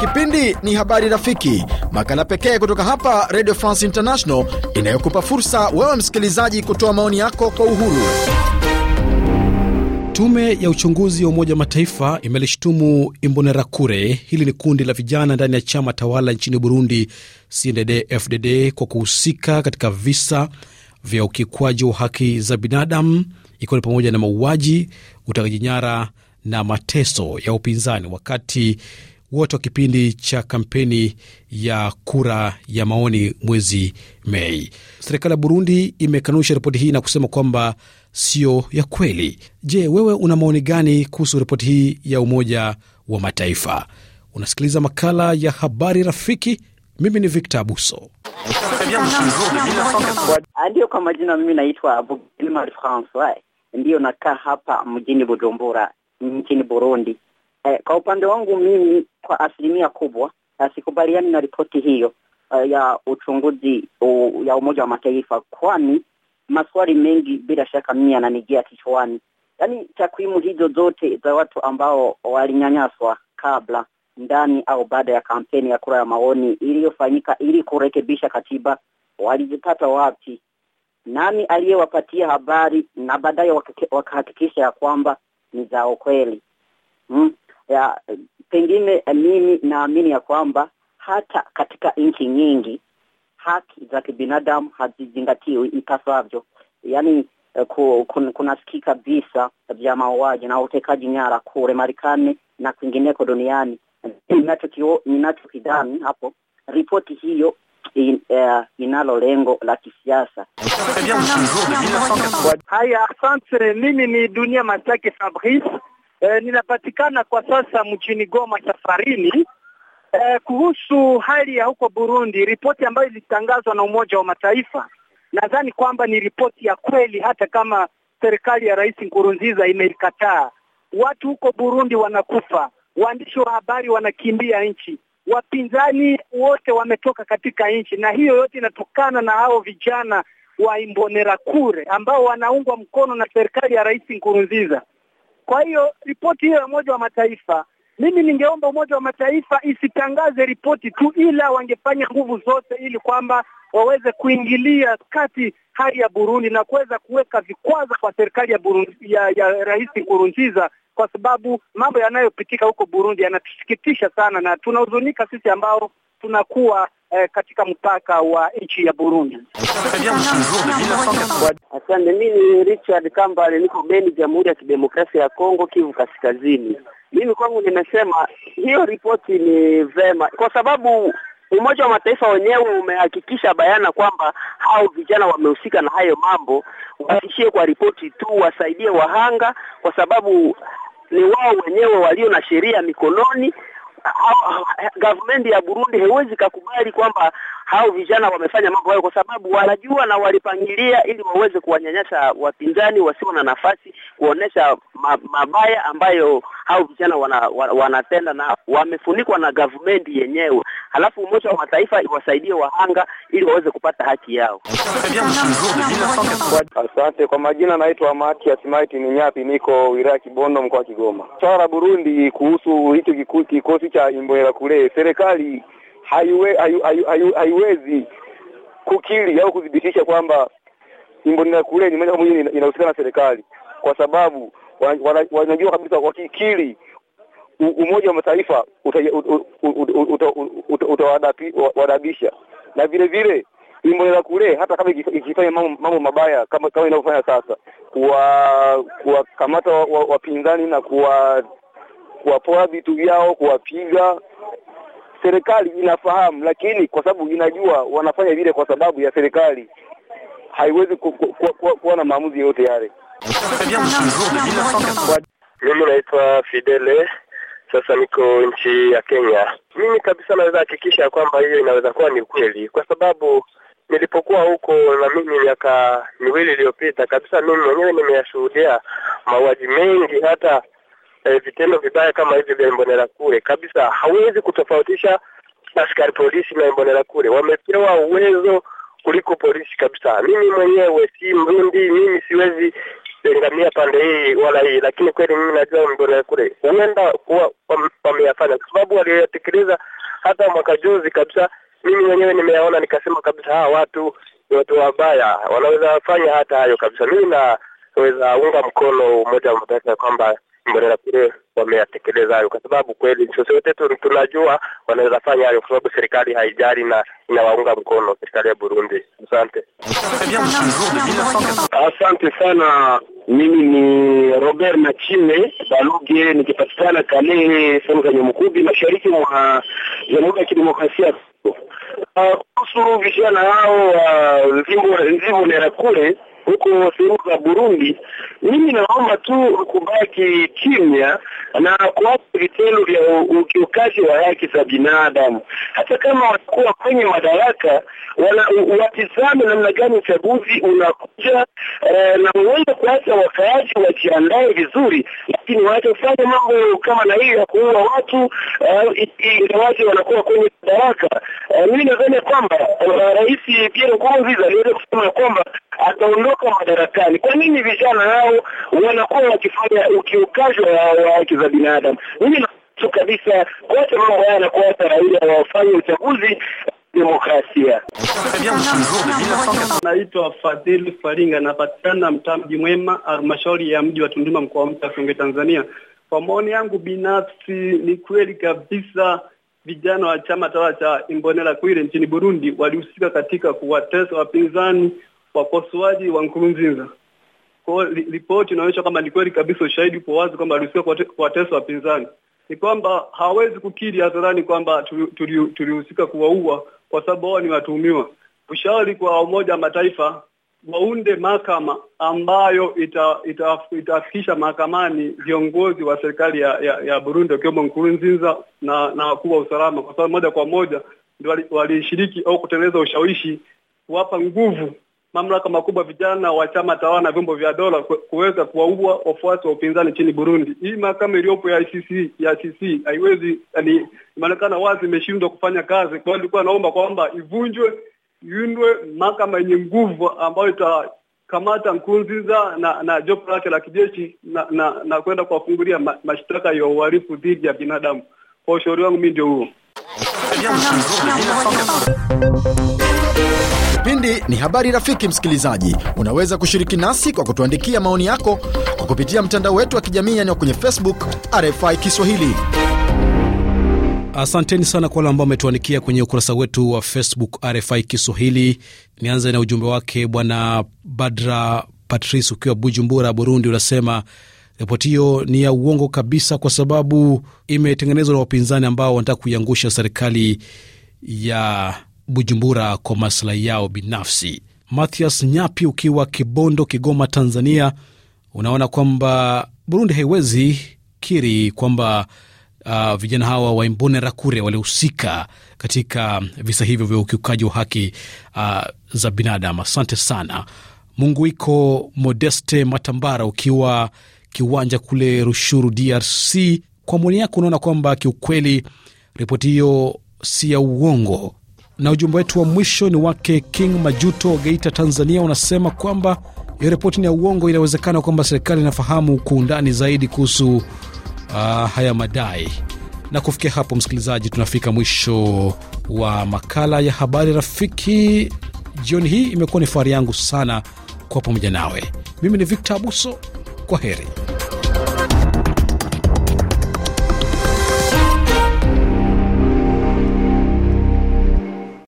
Kipindi ni Habari Rafiki, makala pekee kutoka hapa Radio France International inayokupa fursa wewe msikilizaji kutoa maoni yako kwa uhuru. Tume ya uchunguzi wa Umoja wa Mataifa imelishutumu Imbonerakure, hili ni kundi la vijana ndani ya chama tawala nchini Burundi, CNDD-FDD, kwa kuhusika katika visa vya ukiukwaji wa haki za binadamu ikiwa ni pamoja na mauaji, utekaji nyara na mateso ya upinzani wakati wote wa kipindi cha kampeni ya kura ya maoni mwezi Mei. Serikali ya Burundi imekanusha ripoti hii na kusema kwamba sio ya kweli. Je, wewe una maoni gani kuhusu ripoti hii ya Umoja wa Mataifa? Unasikiliza makala ya Habari Rafiki. Mimi ni Victor Abuso. Ndio, kwa majina mimi naitwa Bugilmar Francois ndiyo nakaa hapa mjini Bujumbura nchini Burundi. Eh, kwa upande wangu mimi kwa asilimia kubwa eh, sikubaliani na ripoti hiyo uh, ya uchunguzi uh, ya Umoja wa Mataifa, kwani maswali mengi bila shaka mimi yananijia kichwani, yaani takwimu hizo zote za watu ambao walinyanyaswa kabla, ndani au baada ya kampeni ya kura ya maoni iliyofanyika ili kurekebisha katiba walizipata wapi? nani aliyewapatia habari na baadaye wakahakikisha ya kwamba ni za kweli mm. ya, pengine mimi naamini ya kwamba hata katika nchi nyingi haki za kibinadamu hazizingatiwi ipasavyo yaani eh, kun, kabisa vya mauaji na utekaji nyara kule Marekani na kwingineko duniani. Ninachokidhani hapo, ripoti hiyo in, uh, inalo lengo la kisiasa. Haya, asante. Mimi ni Dunia Matake Fabrice. E, ninapatikana kwa sasa mjini Goma safarini. E, kuhusu hali ya huko Burundi, ripoti ambayo ilitangazwa na Umoja wa Mataifa nadhani kwamba ni ripoti ya kweli, hata kama serikali ya Rais Nkurunziza imeikataa. Watu huko Burundi wanakufa, waandishi wa habari wanakimbia nchi, wapinzani wote wametoka katika nchi, na hiyo yote inatokana na hao vijana wa Imbonerakure ambao wanaungwa mkono na serikali ya Rais Nkurunziza. Kwa hiyo ripoti hiyo ya Umoja wa Mataifa, mimi ningeomba Umoja wa Mataifa isitangaze ripoti tu, ila wangefanya nguvu zote ili kwamba waweze kuingilia kati hali ya Burundi na kuweza kuweka vikwazo kwa serikali ya Burundi, ya, ya Rais Nkurunziza kwa sababu mambo yanayopitika huko Burundi yanatusikitisha sana na tunahuzunika sisi ambao tunakuwa eh, katika mpaka wa nchi ya Burundi. Asante. Mimi ni Richard Kambale, niko Beni, Jamhuri ya Kidemokrasia ya Kongo, Kivu Kaskazini. Mimi kwangu nimesema hiyo ripoti ni vema kwa sababu Umoja wa Mataifa wenyewe umehakikisha bayana kwamba hao vijana wamehusika na hayo mambo, waishie kwa ripoti tu, wasaidie wahanga, kwa sababu ni wao wenyewe walio na sheria mikononi. Ah, government ya Burundi haiwezi kukubali kwamba hao vijana wamefanya mambo hayo, kwa sababu wanajua na walipangilia ili waweze kuwanyanyasa wapinzani wasio na nafasi kuonesha mabaya ambayo hao vijana wana, wanatenda na wamefunikwa na gavumenti yenyewe, halafu Umoja wa Mataifa iwasaidie wahanga ili waweze kupata haki yao. Asante kwa majina, naitwa Mati Asimaiti ni Nyapi, niko wilaya Kibondo, mkoa wa Kigoma. Swala la Burundi kuhusu hicho kikosi cha kule, serikali haiwezi hayu, hayu, hayu, hayu, kukiri au kuthibitisha kwamba moja inahusika na serikali kwa sababu wanajua kabisa wakikiri Umoja wa Mataifa utawadabisha, na vile vile Imbonerakure kule, hata kama ikifanya mambo mabaya kama kama inavyofanya sasa, kuwakamata wapinzani wa, na kuwa kuwapora vitu vyao, kuwapiga serikali inafahamu, lakini kwa sababu inajua wanafanya vile kwa sababu ya serikali haiwezi kuwa na maamuzi yote yale. Très bien, Mimi naitwa Fidele, sasa niko nchi ya Kenya. Mimi kabisa naweza hakikisha ya kwamba hiyo inaweza kuwa ni ukweli, kwa sababu nilipokuwa huko na mimi miaka miwili iliyopita, kabisa mimi mwenyewe nimeyashuhudia mauaji mengi, hata eh, vitendo vibaya kama hivyo vya Imbonera kule. Kabisa hawezi kutofautisha askari polisi na Imbonera kule, wamepewa uwezo kuliko polisi kabisa. Mimi mwenyewe si Mrundi, mimi siwezi kutengamia pande hii wala hii, lakini kweli mimi najua mbona kule huenda kuwa wameyafanya, kwa sababu waliyatekeleza hata mwaka juzi kabisa, mimi mwenyewe nimeyaona, nikasema kabisa hawa ah, watu ni watu wabaya, wanaweza fanya hata hayo kabisa. Mimi naweza unga mkono Umoja wa Mataifa ya kwamba Mwenera kule wameyatekeleza hayo, kwa sababu kweli sosote tunajua wanaweza fanya hayo, kwa sababu serikali haijali na inawaunga mkono serikali ya Burundi. Asante, asante sana. Mimi ni Robert Machine Baluge nikipatikana Kalehe sehemu za Nyamukubi, mashariki mwa Jamhuri ya Kidemokrasia ya ah, Kongo. Kuhusu vijana hao wa Nzibonerakure huko sehemu za Burundi, mimi naomba tu kubaki kimya na kuacha vitendo vya ukiukaji wa haki za binadamu. Hata kama watakuwa kwenye madaraka, watizame namna gani uchaguzi unakuja e, na uweze kuacha wakaaji wajiandae vizuri, lakini wanachofanya mambo kama na hiyo ya kuua watu eh, ingawaje wanakuwa kwenye madaraka e, mimi nadhani kwamba eh, Rais Pierre Nkurunziza aliweza kusema kwamba ataondoka madarakani. Kwa nini vijana hao wanakuwa wakifanya ukiukaji wa haki za binadamu? Mimi nasu kabisa kote mambo haya yanakuwata raia wafanye uchaguzi demokrasia. Naitwa Fadhili Faringa, napatikana mtamji Mwema, halmashauri ya mji wa Tunduma, mkoa wa Mtwara, Songwe, Tanzania. Kwa maoni yangu binafsi, ni kweli kabisa vijana wa chama tawala cha Imbonera Kwire nchini Burundi walihusika katika kuwatesa wapinzani wakosoaji wa Nkurunziza. Kwa hiyo ripoti inaonyesha kama ni kweli kabisa, ushahidi upo wazi kwamba alihusika kuwatesa wapinzani. Ni kwamba hawezi kukiri hadharani kwamba tulihusika tuli, tuli kuwaua kwa sababu wao ni watuhumiwa. Ushauri kwa Umoja wa Mataifa waunde mahakama ambayo itafikisha ita, ita mahakamani viongozi wa serikali ya, ya, ya Burundi wakiwemo Nkurunziza na na wakuu wa usalama, kwa sababu moja kwa moja ndio walishiriki au kutengeneza ushawishi kuwapa nguvu mamlaka makubwa vijana wa chama tawala na vyombo vya dola kuweza kuwaua wafuasi wa upinzani nchini Burundi. Hii mahakama iliyopo ya ICC ya ICC haiwezi yani, imeonekana wazi imeshindwa kufanya kazi. Kwa hiyo nilikuwa naomba kwamba ivunjwe, iundwe mahakama yenye nguvu ambayo itakamata Nkurunziza na, na jopo lake la kijeshi na, na, na kwenda kuwafungulia ma, mashtaka ya uhalifu dhidi ya binadamu. Kwa ushauri wangu mimi ndio huo. Kipindi ni Habari Rafiki. Msikilizaji, unaweza kushiriki nasi kwa kutuandikia maoni yako kwa kupitia mtandao wetu wa kijamii yani kwenye Facebook RFI Kiswahili. Asanteni sana kwa wale ambao wametuandikia kwenye ukurasa wetu wa Facebook RFI Kiswahili. Nianze na ujumbe wake Bwana Badra Patrice ukiwa Bujumbura, Burundi, unasema ripoti hiyo ni ya uongo kabisa, kwa sababu imetengenezwa na wapinzani ambao wanataka kuiangusha serikali ya Bujumbura kwa maslahi yao binafsi. Mathias Nyapi, ukiwa Kibondo, Kigoma, Tanzania, unaona kwamba Burundi haiwezi kiri kwamba uh, vijana hawa wa Imbonerakure walihusika katika visa hivyo vya ukiukaji wa haki uh, za binadamu. Asante sana. mungu iko Modeste Matambara, ukiwa Kiwanja kule Rushuru, DRC, kwa maoni yako unaona kwamba kiukweli ripoti hiyo si ya uongo na ujumbe wetu wa mwisho ni wake King Majuto wa Geita, Tanzania, unasema kwamba hiyo ripoti ni ya uongo. Inawezekana kwamba serikali inafahamu kwa undani zaidi kuhusu uh, haya madai. Na kufikia hapo, msikilizaji, tunafika mwisho wa makala ya habari rafiki jioni hii. Imekuwa ni fahari yangu sana kuwa pamoja nawe. Mimi ni Victor Abuso, kwa heri.